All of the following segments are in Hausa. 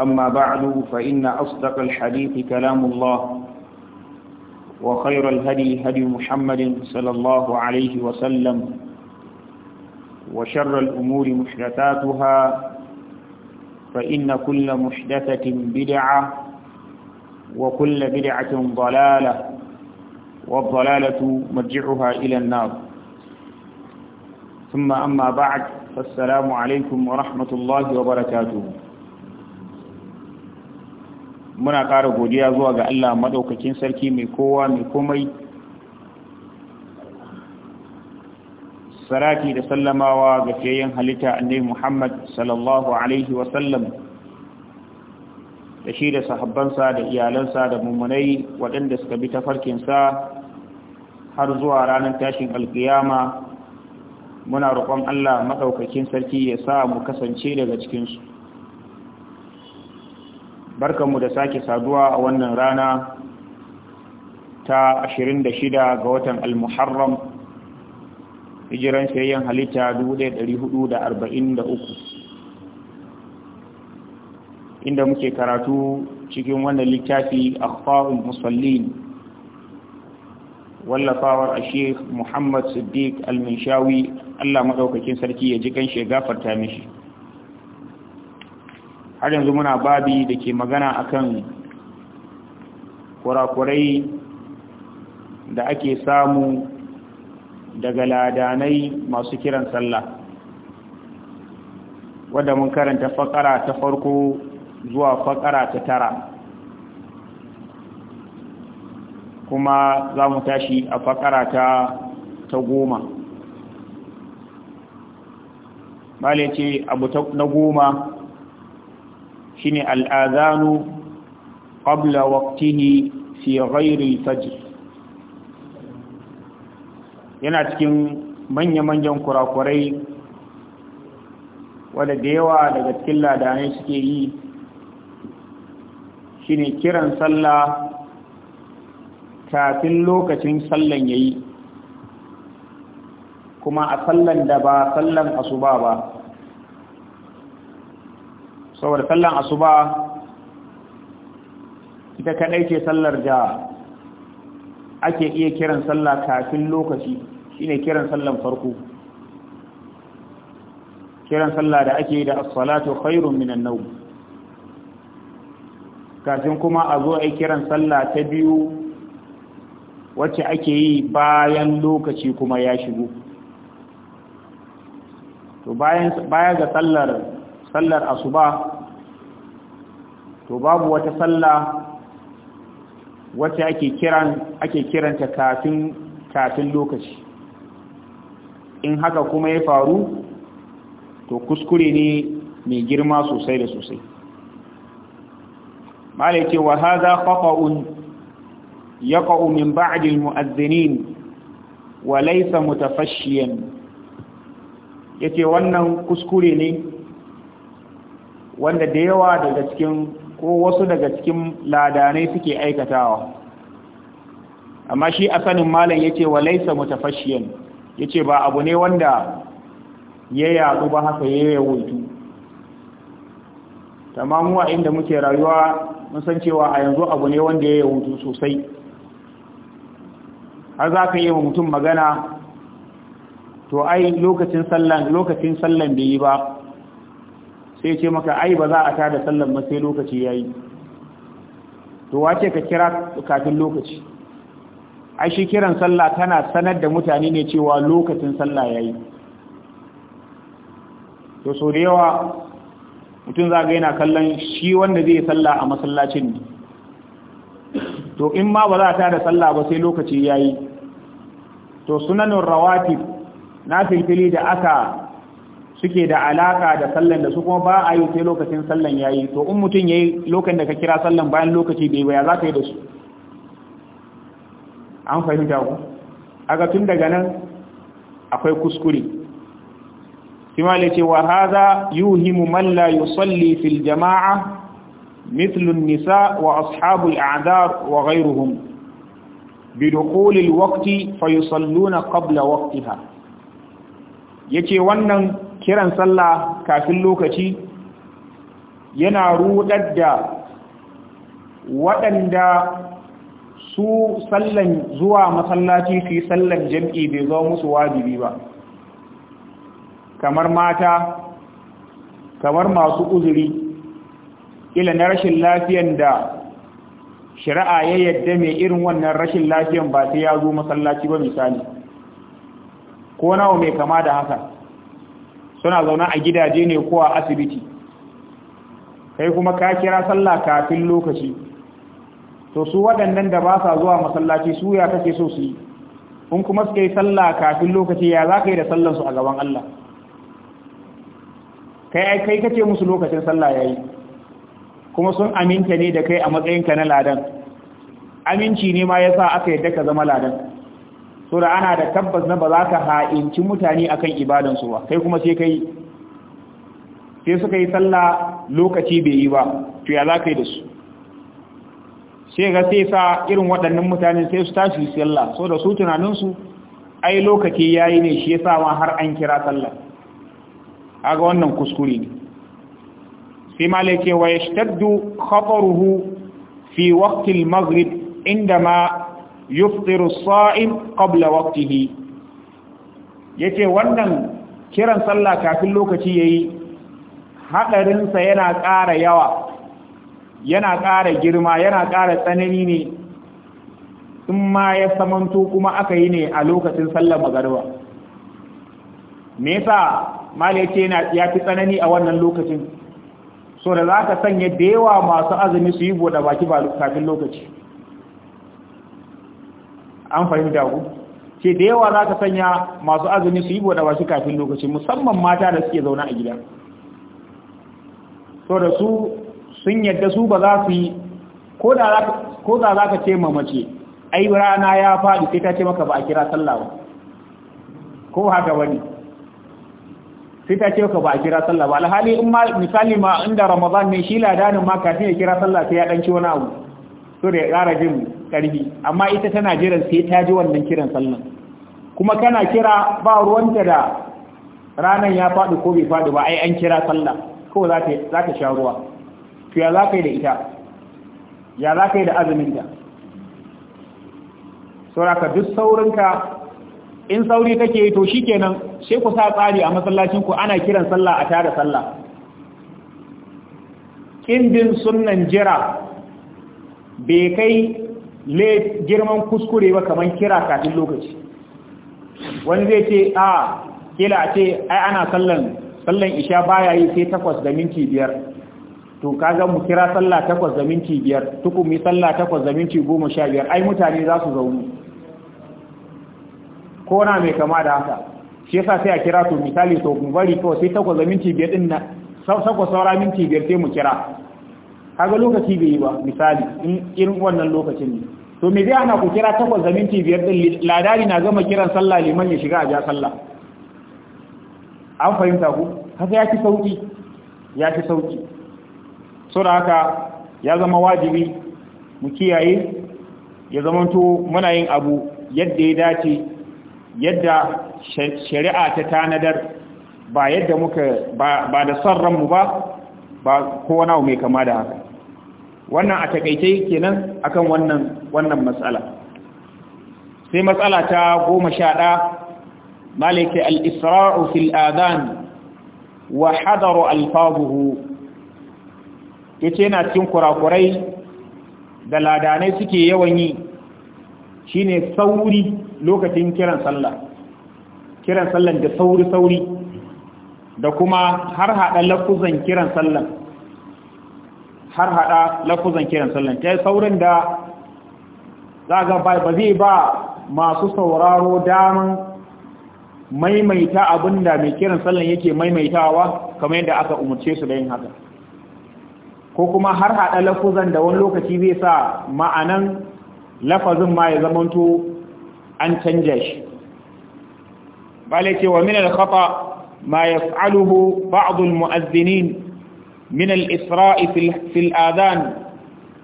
أما بعد فإن أصدق الحديث كلام الله وخير الهدي هدي محمد صلى الله عليه وسلم وشر الأمور محدثاتها فإن كل محدثة بدعة وكل بدعة ضلالة والضلالة مرجعها إلى النار ثم أما بعد فالسلام عليكم ورحمة الله وبركاته muna ƙara godiya zuwa ga Allah maɗaukakin sarki mai kowa mai komai Saraki da sallamawa ga fiyayyen halitta annai Muhammad sallallahu Alaihi wasallam da shi da sahabbansa da iyalansa da mummunai waɗanda suka bi ta tafarkinsa har zuwa ranar tashin alkiyama muna roƙon Allah maɗaukakin sarki ya sa mu kasance daga cikinsu barkanmu da sake saduwa a wannan rana ta 26 ga watan al-muharram hijiran sayayyen halitta 1443 inda muke karatu cikin wannan littafi kwaun musallin wallafawar ashir muhammad siddiq al-minshawi allah maɗaukakin sarki ya ji kan gafarta mishi har yanzu muna babi da ke magana akan kurakurai da ake samu daga ladanai masu kiran sallah wadda mun karanta fakara ta farko zuwa fakara ta tara kuma za mu tashi a fakara ta ta goma bale ce abu na goma shine al'azanu qabla waqtihi fi ghairi fajr yana cikin manya-manyan kurakurai wadda da yawa daga cikin ladanai suke yi shine kiran sallah kafin lokacin sallan yayi kuma a sallan da ba sallan asuba ba saboda sallan asuba ita kadai ce sallar da ake iya kiran sallah kafin lokaci shine kiran sallan farko kiran sallah da ake da as-salatu khairun minan nawm kafin kuma a zo a kiran sallah ta biyu wacce ake yi bayan lokaci kuma ya shigo to bayan baya ga sallar sallar asuba to babu wata salla wacce ake kiran ake kiranta kafin kafin lokaci in haka kuma ya faru to kuskure ne mai girma sosai da sosai malai wa hadha qata'un yaqa'u min ba'di al-mu'adhdhinin wa laysa mutafashshiyan yace wannan kuskure ne wanda da yawa daga cikin ko wasu daga cikin ladanai suke aikatawa amma shi a sanin malam ya ce wa laisa mutafashiyan ya ce ba abu ne wanda ya yadu ba haka ya yawaitu tamamuwa inda muke rayuwa mun san cewa a yanzu abu ne wanda ya yawaitu sosai har za ka yi wa mutum magana to ai lokacin sallan lokacin sallan bai yi ba sai ce maka ai ba za a tada sallan ba sai lokaci ya yi to wace ka kira kafin lokaci ai shi kiran sallah tana sanar da mutane ne cewa lokacin sallah ya yi to so da yawa mutum za ga yana kallon shi wanda zai sallah a masallacin ne to in ma ba za a tada sallah ba sai lokaci ya yi to sunanin rawatib na filfili da aka suke da alaka da sallan da su kuma ba a yi sai lokacin sallan yayi to in mutum yayi lokacin da ka kira sallan bayan lokaci bai baya za yi da su an fahimta ku aga tun daga nan akwai kuskure kima le ce wa hadha yuhimu man la yusalli fil jama'a mithlu an-nisa wa ashabu al-a'dar wa ghayruhum bi dukhul al kabla fa yace wannan kiran sallah kafin lokaci yana rudar da waɗanda su sallan zuwa masallaci suyi sallan jam'i bai zo musu wajibi ba kamar mata kamar masu uzuri ila na rashin lafiyan da shari'a ya yadda mai irin wannan rashin lafiyan ba sai ya zo masallaci ba misali ko nawa mai kama da haka suna zaune a gidaje ne ko a asibiti kai kuma ka kira sallah kafin lokaci to su waɗannan da ba sa zuwa masallaci su ya kake so su yi in kuma suka yi sallah kafin lokaci ya za ka yi da sallansu a gaban Allah kai ai kai kace musu lokacin sallah yayi kuma sun aminta ne da kai a matsayinka na ladan aminci ne ma yasa aka yadda ka zama ladan so da ana da tabbas na ba za ka ha'inci mutane akan ibadansu ba kai kuma sai kai sai suka yi sallah lokaci bai yi ba to ya za ka yi da su sai ga sai sa irin waɗannan mutane sai su tashi yalla so da su tunaninsu ai lokaci ya yi ne shi ya sa har an kira sallah aga wannan kuskure ne sai malai ce wa ya shtaddu khafaruhu fi waktil maghrib inda ma يفطر الصائم قبل وقته yace wannan kiran sallah kafin lokaci yayi hadarin sa yana ƙara yawa yana ƙara girma yana ƙara tsanani ne in ma ya samanto kuma aka yi ne a lokacin sallar magariba me yasa malai yana ya fi tsanani a wannan lokacin so da za sanya da yawa masu azumi su yi bude baki ba kafin lokaci an fahimta ku ce da yawa za ka sanya masu azumi su yi ba shi kafin lokaci musamman mata da suke zauna a gida so da su sun yadda su ba za su yi ko da za ka ce mace ai rana ya faɗi sai ta ce maka ba a kira sallah ba ko haka wani sai ta ce maka ba a kira sallah ba alhali in ma misali ma inda ramadan ne shi ladanin ma kafin ya kira sallah sai ya ɗanci wani abu so da ya ƙara jin karfi amma ita tana jiran sai ta ji wannan kiran sallan kuma kana kira ba ruwanta da ranar ya faɗi ko bai faɗi ba ai an kira sallah ko za ta sha ruwa to ya za ka yi da ita ya za ka yi da azuminta sauraka duk saurinka in sauri kake yi to shi kenan sai ku sa tsari a masallacinku ana kiran sallah a tara sallah kindin sunan jira bai kai Le girman kuskure ba kamar kira kafin lokaci wani zai ce a kila ce ai ana sallan sallan isha baya yi sai takwas da minti biyar to ka ga mu kira sallah takwas da minti biyar tukumi sallah takwas da minti goma sha biyar ai mutane za su zaune ko na mai kama da haka shi yasa sai a kira to misali to mu bari kawai sai takwas da minti biyar din na sakwa saura minti biyar sai mu kira kaga lokaci bai yi ba misali in irin wannan lokacin ne to me zai ana ku kira takwas da minti biyar din ladari na gama kiran sallah liman ya shiga a ja sallah an fahimta ku haka ya fi sauki ya fi sauki so da haka ya zama wajibi mu kiyaye ya zamanto muna yin abu yadda ya dace yadda shari'a ta tanadar ba yadda muka ba da son ranmu ba ba kowa nawa mai kama da haka wannan a takaice kenan akan wannan wannan matsala sai matsala ta goma sha ɗa malaka al-isra'u fil adhan wa hadaru alfazuhu yace yana cikin kurakurai da ladanai suke yawan yi shine sauri lokacin kiran sallah kiran sallan da sauri sauri da kuma har haɗa lafuzan kiran sallah har hada lafuzan kiran sallan ta saurin da za ga ba zai ba masu sauraro daman maimaita abinda mai kiran sallan yake maimaitawa kamar yadda aka umarce su da yin haka ko kuma har hada lafuzan da wani lokaci zai sa ma'anan lafazin ma ya zamanto an canja shi bale ce wa min al-khata ma yaf'aluhu ba'd al mu'azzinin من الإسراء في الآذان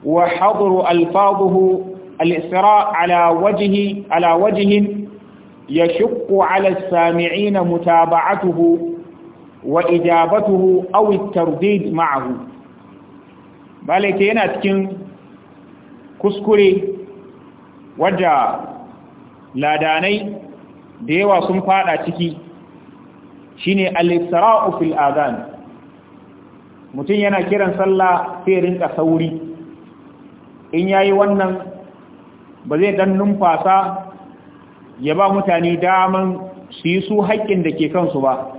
وحضر ألفاظه الإسراء على وجه على وجه يشق على السامعين متابعته وإجابته أو الترديد معه بالك هنا تكن كسكري وجا لا داني ديوا سنفادا تكي شيني الإسراء في الآذان mutum yana kiran sallah sai rinka sauri in yayi wannan ba zai dan numfasa ya ba mutane daman su yi su haƙƙin da ke kansu ba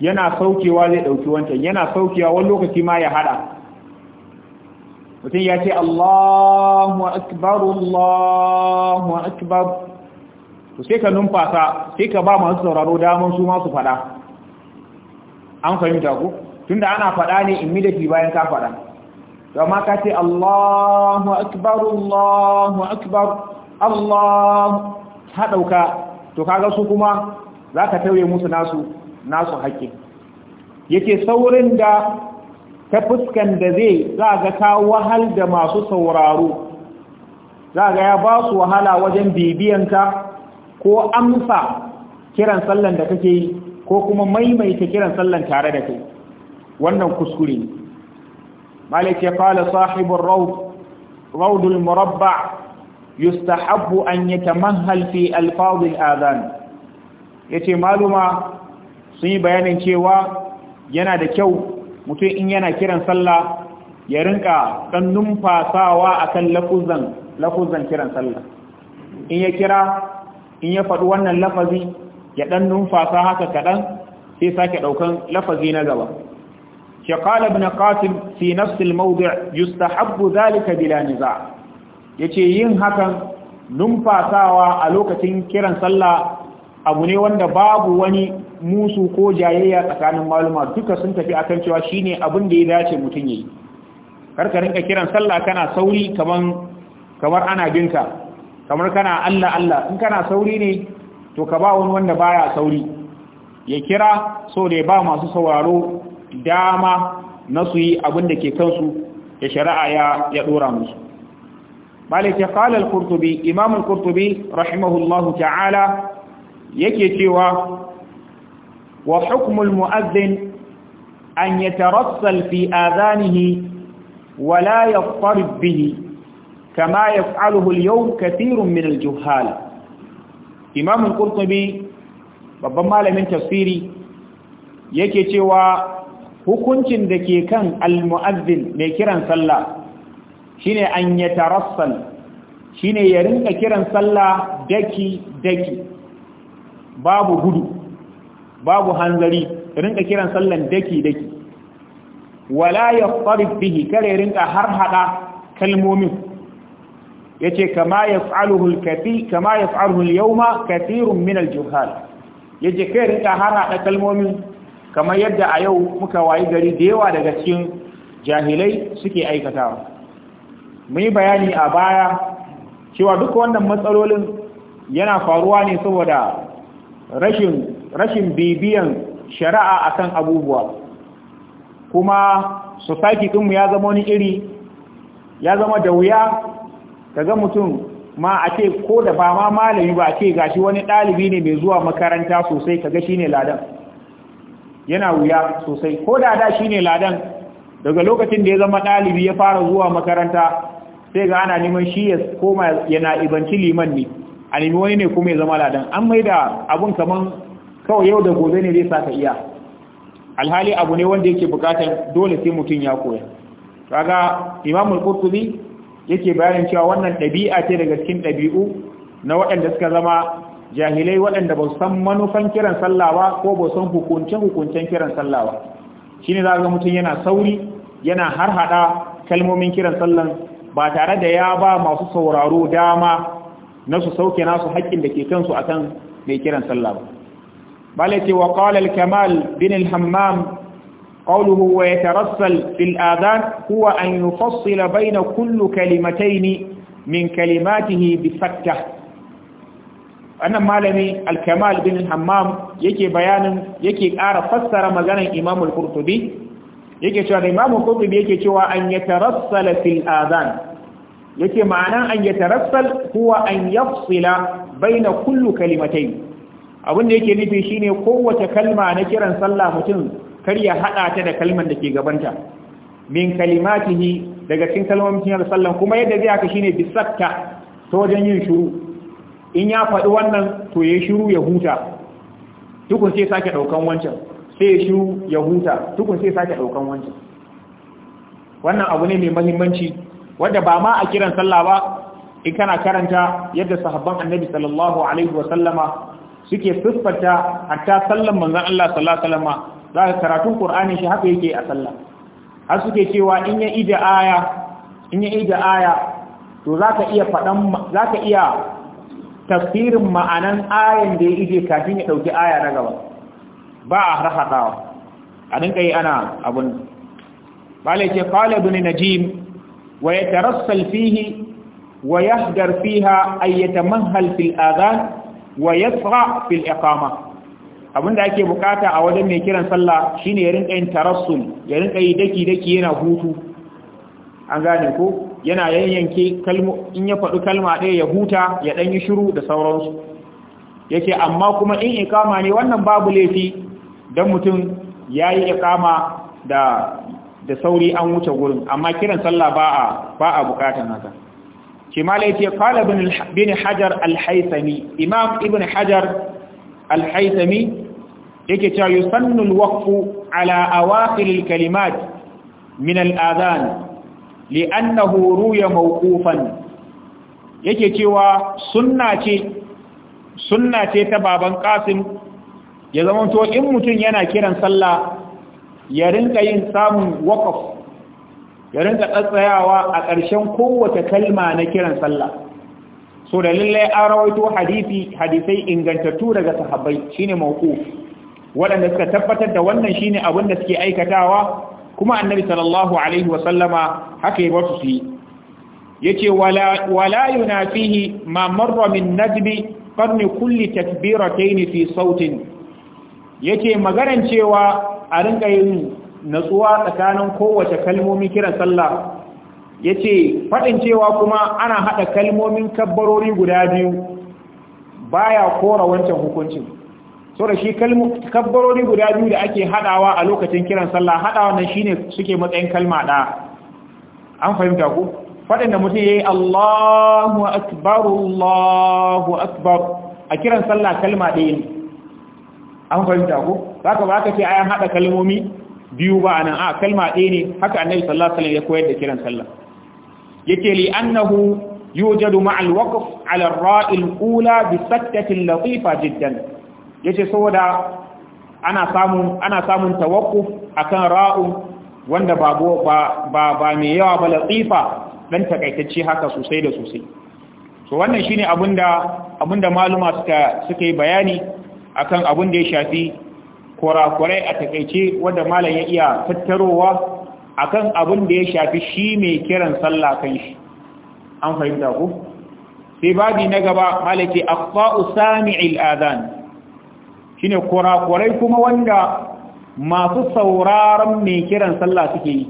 yana saukewa zai ɗauki wancan yana saukewa wani lokaci ma ya haɗa mutum ya ce Allahu akbar Allahu akbar to sai ka numfasa sai ka ba masu sauraro daman su masu faɗa an fahimta ku tunda ana faɗa ne in midaki bayan ka faɗa to amma ka ce Allahu akbar Allahu akbar Allah ha dauka to kaga su kuma zaka tauye musu nasu nasu haƙƙi yake saurin da ta fuskan da zai za ga ka wahal da masu sauraro za ga ya ba su wahala wajen bibiyanka ko amsa kiran sallan da kake yi ko kuma maimaita kiran sallan tare da kai wannan kuskure malik ya kala sahibur rawd rawdul murabba yustahabbu an yatamahhal fi alfaz al Ya yace maluma sun yi bayanin cewa yana da kyau mutum in yana kiran sallah ya rinka dan numfasawa akan lafuzan lafuzan kiran sallah in ya kira in ya faɗi wannan lafazi ya ɗan numfasa haka kaɗan sai sake ɗaukan lafazi na gaba قال na قاسم في نفس الموضع يستحب ذلك بلا نزاع yace yin hakan numfasawa a lokacin kiran sallah abu ne wanda babu wani musu ko jayayya tsakanin maluma duka sun tafi akan cewa shine abin da ya dace mutun yayi karka rinka kiran sallah kana sauri kaman kamar ana binka kamar kana Allah Allah in kana sauri ne to ka ba wani wanda baya sauri ya kira so da ya ba masu sauraro dama na su yi abin da ke kansu da shari'a ya ya dora musu malik ya qala al-qurtubi imam al-qurtubi rahimahullahu ta'ala yake cewa wa hukm al-mu'adhdhin an yatarassal fi adhanihi wa la yaqtarib bihi kama yaf'aluhu al-yawm kathirun min al-juhal imam al-qurtubi babban malamin tafsiri yake cewa hukuncin da ke kan al almu'azzin mai kiran sallah shine an ya tarassal shine ya rinka kiran sallah daki daki babu gudu babu hanzari rinka kiran sallan daki daki wala yaqtarib bihi kare rinka har hada kalmomin yace kama yaf'aluhu al-kathi kama yaf'aluhu al-yawma kathirun min al-juhal yace kai rinka har hada kalmomin kamar yadda a yau muka wayi gari da yawa daga cikin jahilai suke aikatawa mun yi bayani a baya cewa duk wannan matsalolin yana faruwa ne saboda rashin rashin bibiyan shari'a akan abubuwa kuma society ɗinmu ya zama wani iri ya zama da wuya kaga mutum ma a ce ko da ba ma malami ba a ce gashi wani ɗalibi ne mai zuwa makaranta sosai kaga shine ladan yana wuya sosai ko da da ne ladan daga lokacin da ya zama dalibi ya fara zuwa makaranta sai ga ana neman shi ya koma yana ibanci liman ne a nemi wani ne kuma ya zama ladan an mai da abun kaman kawai yau da gobe ne zai saka iya alhali abu ne wanda yake bukatar dole sai mutum ya koya kaga imamul qurtubi yake bayanin cewa wannan dabi'a ce daga cikin dabi'u na waɗanda suka zama jahilai waɗanda ba san manufan kiran sallah ba ko ba san hukunce hukuncen kiran sallah ba ne za ga mutum yana sauri yana har kalmomin kiran sallan ba tare da ya ba masu sauraro dama na su sauke nasu haƙƙin da ke kansu akan mai kiran sallah ba بل وقال الكمال بن الحمام قوله ويترسل في الآذان هو أن kullu kalimatai ne, min kalimatihi كلماته fatta. wannan malami alkamal bin hammam yake bayanin yake ƙara fassara maganar imamul kurtubi? yake cewa da imam al yake cewa an yatarassala fil adhan yake ma'ana an yatarassal huwa an yafsila baina kullu kalimatai. abin da yake nufi shine kowace kalma na kiran sallah mutum kar ya hada ta da kalman da ke gabanta min kalimatihi daga cikin kalmomin kiran sallah kuma yadda zai haka shine bisakta ta wajen yin shuru in ya faɗi wannan to ya shiru ya huta tukun sai sake ɗaukan wancan sai ya shiru ya huta tukun sai sake ɗaukan wancan wannan abu ne mai mahimmanci wadda ba ma a kiran sallah ba in kana karanta yadda sahabban annabi sallallahu alaihi wasallama suke siffata hatta sallan manzon Allah sallallahu alaihi wasallama za ka karatu qur'ani shi haka yake a sallah har suke cewa in ya ida aya in ya ida aya to zaka iya fadan zaka iya tafsirin ma'anan ayan da ya ije kafin ya ɗauki aya na gaba ba a harhaɗawa a dinka ana abin. bala ce kala najim wa ya tarassal fihi wa yahdar fiha Ayyata manhal fil adhan wa yasra fil iqama abinda ake bukata a wajen mai kiran sallah shine ya rinka yin tarassul ya rinka yi daki daki yana hutu an gane ko yana yayyanke kalmo in ya faɗi kalma ɗaya ya huta ya ɗan yi shiru da sauransu yake amma kuma in ikama ne wannan babu laifi don mutum ya yi ikama da da sauri an wuce gurin amma kiran sallah ba a ba a bukatan haka ce bin hajar Alhaisami. imam ibn hajar Alhaisami yake cewa yusannu al ala awaqil kalimat min al li'annahu ruya mawqufan yake cewa sunna ce sunna ce ta baban qasim ya zama to in mutun yana kiran sallah ya rinka yin samun waqaf ya rinka tsatsayawa a ƙarshen kowace kalma na kiran sallah so da lallai an rawaito hadisi hadisai ingantattu daga sahabbai shine mawquf waɗanda suka tabbatar da wannan shine abin da suke aikatawa kuma annabi sallallahu alaihi wa sallama haka yabo wasu su yace wala wala yunafihi ma marra min najbi qarni kulli takbiratayn fi sautin yace magaran cewa a rinka yin natsuwa tsakanin kowace kalmomi kiran sallah yace fadin cewa kuma ana hada kalmomin kabbarori guda biyu baya kora wancan hukuncin so da shi kabbarori guda biyu da ake hadawa a lokacin kiran sallah hadawa nan shine suke matsayin kalma da an fahimta ku fadin da mutum yayi Allahu akbar Allahu akbar a kiran sallah kalma ɗaya ne an fahimta ku zaka ba ka ce ayan hada kalmomi biyu ba anan a kalma ɗaya ne haka annabi sallallahu alaihi wasallam ya koyar da kiran sallah yake li annahu yujadu ma'al waqf ala ar-ra'il ula bi sattatin latifa jiddan Ya ce saboda ana samun ana samun tawakkuf akan ra'u wanda ba ba ba mai yawa ba latifa dan takaitacce haka sosai da sosai so wannan shine abinda abinda maluma suka suka yi bayani akan abin da ya shafi kurakurai a takaice wanda malam ya iya tattarowa akan abin da ya shafi shi mai kiran sallah kan an fahimta ku sai babi na gaba malaki aqfa'u sami'il adhan shine kurakurai kuma wanda masu sauraron mai kiran sallah suke yi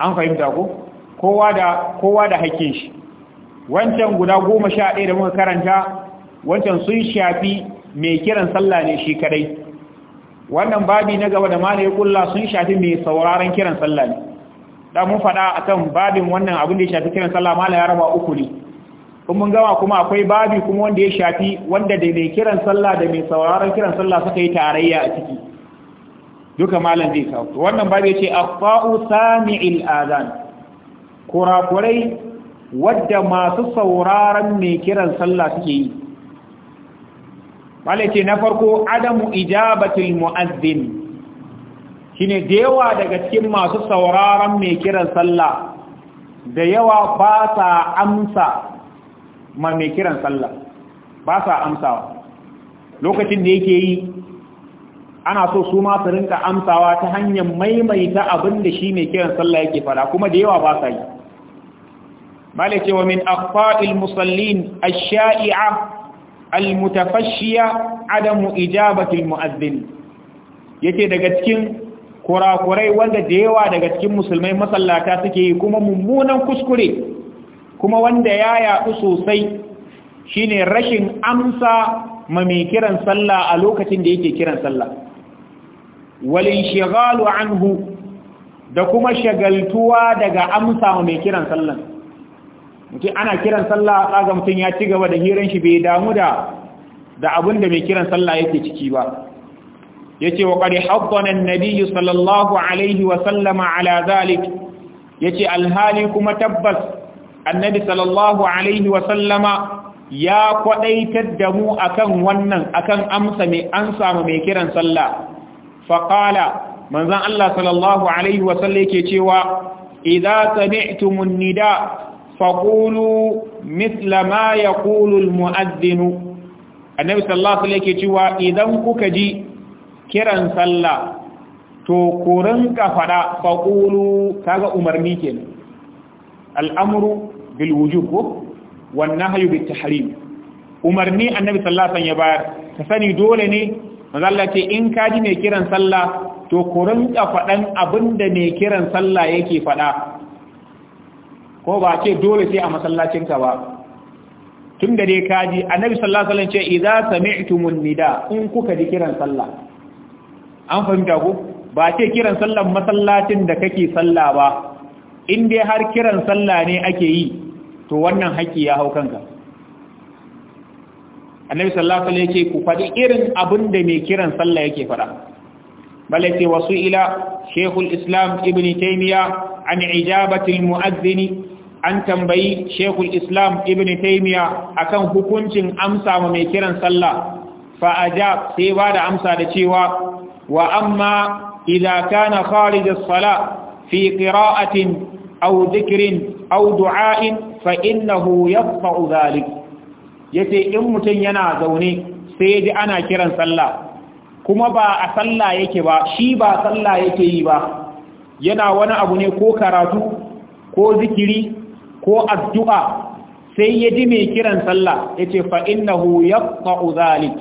an fahimta ko kowa da kowa da hakkin shi wancan guda goma sha ɗaya da muka karanta wancan sun shafi mai kiran sallah ne shi kadai wannan babi na gaba da ya kulla sun shafi mai sauraron kiran sallah ne da mun faɗa akan babin wannan abin da ya shafi kiran sallah mala ya raba uku ne in mun gama kuma akwai babi kuma wanda ya shafi wanda da mai kiran sallah da mai sauraron kiran sallah suka yi tarayya a ciki duka malam zai kawo wannan babi yace afa'u sami'il azan kurakurai wadda masu sauraron mai kiran sallah suke yi malam yace na farko adamu ijabatul muazzin shine da yawa daga cikin masu sauraron mai kiran sallah da yawa ba sa amsa ma mai kiran sallah ba sa amsawa lokacin da yake yi ana so su ma su rinka amsawa ta hanyar maimaita abin da shi mai kiran sallah yake fara kuma da yawa ba sa yi bale cewa min akhfa'il musallin ash-sha'i'a al-mutafashshiya adamu ijabati al-mu'adhdhin yake daga cikin kurakurai wanda da yawa daga cikin musulmai masallata suke yi kuma mummunan kuskure kuma wanda ya yaɗu sosai shine rashin amsa ma mai kiran sallah a lokacin da yake kiran sallah walin shigalu anhu da kuma shagaltuwa daga amsa ma mai kiran sallah mutum ana kiran sallah tsaga mutum ya ci gaba da hiran shi bai damu da da abin da mai kiran sallah yake ciki ba yace wa qad haddana an sallallahu alaihi Wasallama ala zalik yace alhali kuma tabbas annabi sallallahu alaihi wa sallama ya kwadaitar da mu akan wannan akan amsa mai an samu mai kiran sallah faqala manzon Allah sallallahu alaihi wa wasallam yake cewa idza sami'tumun nida faqulu mithla ma yaqulu almu'adhdhin annabi sallallahu alaihi wasallam yake cewa idan kuka ji kiran sallah to ku rinka fada faqulu kaga umarni kenan al'amru bil wujub ko nahyu bit tahrim umarni annabi sallallahu alaihi wasallam ya bayar ka sani dole ne manzo ce in ka ji mai kiran sallah to ku rinka faɗan abinda mai kiran sallah yake faɗa ko ba ce dole sai a masallacin ka ba tun da dai ji annabi sallallahu alaihi wasallam ce idza sami'tumun nida in kuka ji kiran sallah an fahimta ko. ba ce kiran sallah masallacin da kake sallah ba in dai har kiran sallah ne ake yi to wannan haƙƙi ya hau kanka annabi sallallahu alaihi wasallam yake ku faɗi irin abin da mai kiran sallah yake faɗa bala ce wasu ila shekul islam ibn taymiya an ijabati mu'adhdhin an tambayi shekul islam ibn taymiya akan hukuncin amsa ma mai kiran sallah fa ajab sai ba da amsa da cewa wa amma idza kana kharij as-salah fi qira'atin aw dhikrin aw du'a'in fa innahu yaqta'u zalik yace in mutun yana zaune sai ji ana kiran sallah kuma ba a sallah yake ba shi ba sallah yake yi ba yana wani abu ne ko karatu ko zikiri ko addu'a sai ya ji mai kiran sallah yace fa innahu yaqta'u zalik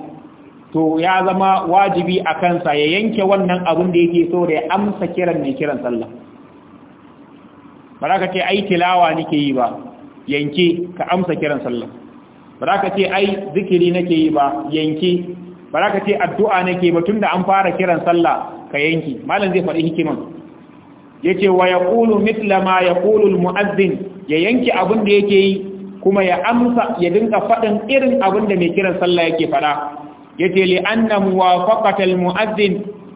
to ya zama wajibi a kansa ya yanke wannan abin da yake so da ya amsa kiran mai kiran sallah ba za ka ce ai tilawa nake yi ba yanke ka amsa kiran sallah ba za ka ce ai zikiri nake yi ba yanke ba za ka ce addu'a nake ba tunda an fara kiran sallah ka yanki malam zai faɗi hikiman yace wa yaqulu mithla ma yaqulu almu'adhdhin ya yanki abin da yake yi kuma ya amsa ya dinka faɗin irin abin da mai kiran sallah yake faɗa yace li anna muwafaqata almu'adhdhin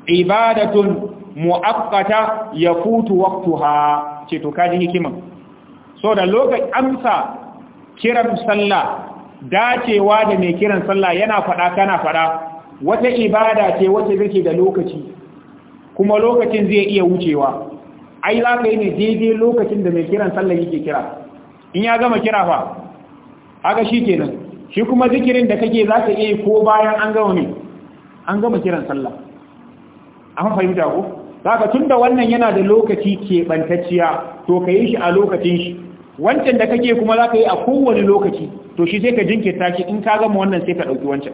ibadatun mu'aqqata yafutu waqtaha ce to kaji hikiman so da lokacin amsa kiran sallah dacewa da mai kiran sallah yana fada kana fada wata ibada ce wacce take da lokaci kuma lokacin zai iya wucewa ai za ka yi ne daidai lokacin da mai kiran sallah yake kira in ya gama kira fa haka shi shi kuma zikirin da kake za ka iya ko bayan an gama ne an gama kiran sallah an fahimta ko za ka tun da wannan yana da lokaci keɓantacciya to ka yi shi a lokacin shi wancan da kake kuma za ka yi a kowane lokaci to shi sai ka jinkirta shi in ka gama wannan sai ka ɗauki wancan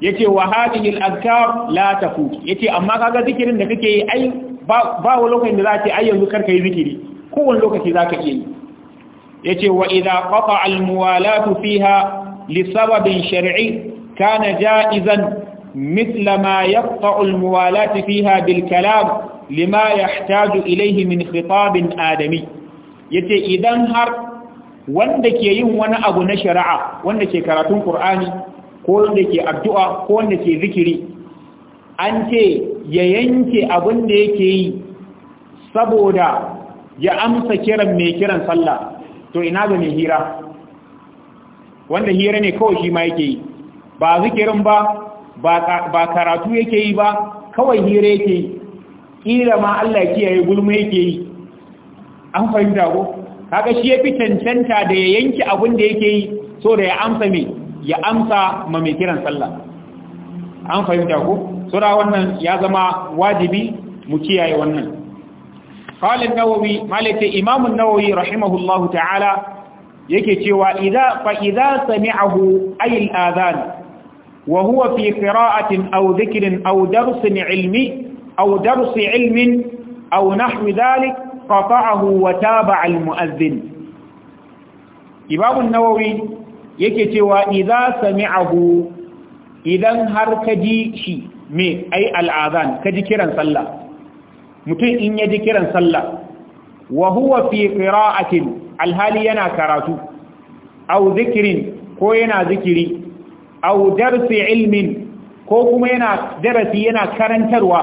ya ce wa hajjil azkar la tafu ya ce amma kaga zikirin da kake yi ai ba wa lokacin da za ce ai yanzu karka yi zikiri kowane lokaci za ka iya yi ya ce wa idha qata al muwalatu fiha li sababin shar'i kana ja'izan mithla ma yaqta al muwalatu fiha bil kalam lima yahtaju ilayhi min khitabin adami yace idan har wanda ke yin wani abu na shari'a wanda ke karatun Qur'ani ko wanda ke addu'a ko wanda ke zikiri an ce ya yanke abin da yake yi saboda ya amsa kiran mai kiran sallah to ina ga mai hira wanda hira ne kawai shi ma yake yi ba zikirin ba ba karatu yake yi ba kawai hira yake yi ƙila ma Allah kiyaye gulma yake yi an fahimta ko kaga shi ya cancanta da ya yanki abin da yake yi so da ya amsa mai ya amsa ma mai kiran sallah an fahimta ko so wannan ya zama wajibi mu kiyaye wannan قال Nawawi مالك امام النووي رحمه الله تعالى yake cewa idza fa idza sami'ahu ay al-adhan wa huwa fi qira'atin aw dhikrin aw darsin ilmi aw darsi ilmin aw nahwi dhalik qata'ahu wa taba al-mu'adhdhin Imam yake cewa idza sami'ahu idan har kaji shi me ai al-adhan kaji kiran sallah mutum in yaji kiran sallah wa huwa fi qira'atin alhali yana karatu aw dhikrin ko yana zikiri aw darsi ilmin ko kuma yana darasi yana karantarwa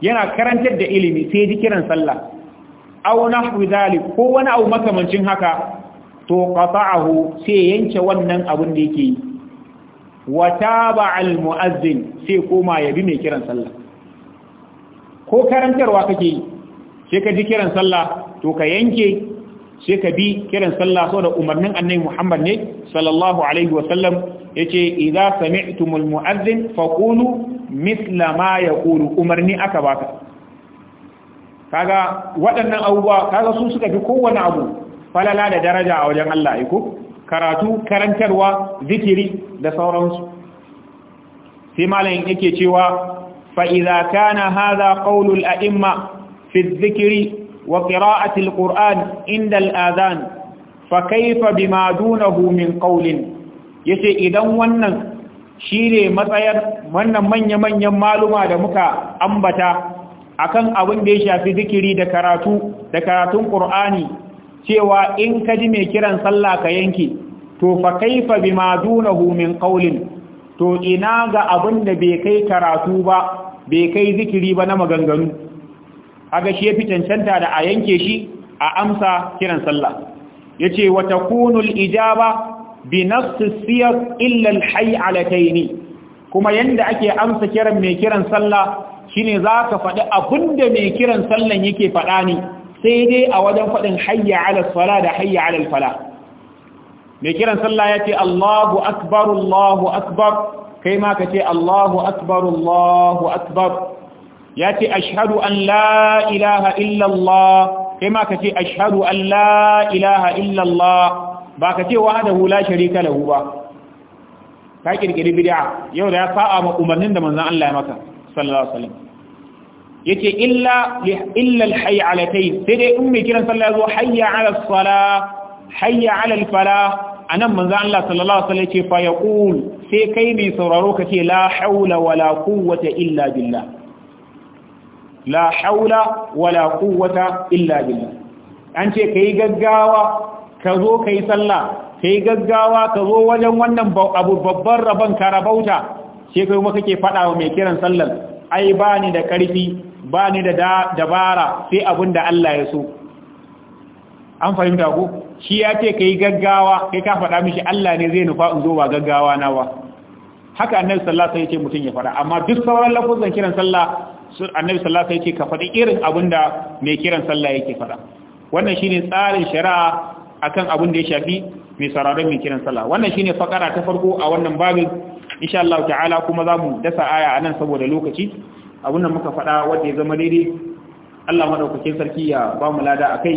yana karantar da ilimi sai ji kiran sallah aw nahwi dhalik ko wani abu makamancin haka to qata'ahu sai yanke wannan abun da yake wa taba al muazzin sai koma ya bi mai kiran sallah ko karantarwa kake yi sai ka ji kiran sallah to ka yanke sai ka bi kiran sallah saboda umarnin annabi Muhammad ne sallallahu alaihi wa sallam yace idza sami'tumul mu'adhdhin faqulu mithla ma yaqulu umarni aka baka kaga waɗannan abubuwa kaga su suka fi kowane abu falala da daraja a wajen Allah aiko karatu karantarwa zikiri da sauransu sai malamin yake cewa fa idza kana hadha qawlul a'imma fi dhikri wa qira'ati al-qur'an inda al fa kayfa bima dunahu min yace idan wannan shine matsayar wannan manya-manyan maluma da muka ambata akan abin da ya shafi zikiri da karatu da karatun Qur'ani cewa in ka ji mai kiran sallah ka yanke to fa kaifa bima dunahu min qawlin to ina ga abin da bai kai karatu ba bai kai zikiri ba na maganganu aga shi fi cancanta da a yanke shi a amsa kiran sallah yace wa takunul ijaba bi nafsi siyaq illa al-hayy kuma yanda ake amsa kiran mai kiran sallah shine za ka faɗi abin da mai kiran sallan yake faɗa ne sai dai a wajen faɗin hayya ala sala da hayya ala fala mai kiran sallah ya ce Allahu akbar Allahu akbar kai ma ka ce Allahu akbar Allahu akbar ya ce ashhadu an la ilaha illallah. kai ma ka ce ashhadu an la ilaha illallah. ba ka ce wa wahdahu la sharika lahu ba Ta ƙirƙiri bid'a yau da ya sa'a ma umarnin da manzan Allah ya maka sallallahu yace illa illa alhayy alatayn sai dai in kiran sallah zo hayya ala sala hayya ala alfala anan manzo Allah sallallahu alaihi wasallam yace fa yaqul sai kai mai sauraro kace la haula wala quwwata illa billah la haula wala quwwata illa billah an ce kai gaggawa ka zo kai sallah kai gaggawa ka zo wajen wannan abu babban rabon karabauta sai kai kuma kake faɗa wa mai kiran sallar ai ba ni da ƙarfi ba ni da dabara sai abin da Allah ya so an fahimta ku shi ya ce ka yi gaggawa kai ka faɗa mishi Allah ne zai nufa in zo ba gaggawa na ba haka annabi sallallahu alaihi wasallam ya ce mutum ya faɗa amma duk sauran lafuzan kiran sallah annabi sallallahu alaihi wasallam ya ce ka faɗi irin abin da mai kiran sallah yake faɗa wannan shine tsarin shari'a akan abin da ya shafi mai sauraron mai kiran sallah wannan shine fakara ta farko a wannan babin insha Allah ta'ala kuma za mu dasa aya a nan saboda lokaci abin da muka faɗa wanda ya zama daidai Allah madaukakin sarki ya ba mu lada kai,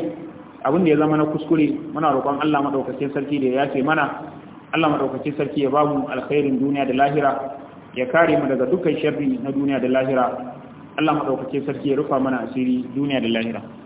abin da ya zama na kuskure muna roƙon Allah maɗaukakin sarki da ya yafe mana Allah madaukakin sarki ya ba mu alkhairin duniya da lahira ya kare mu daga dukkan sharri na duniya da lahira Allah madaukakin sarki ya rufa mana asiri duniya da lahira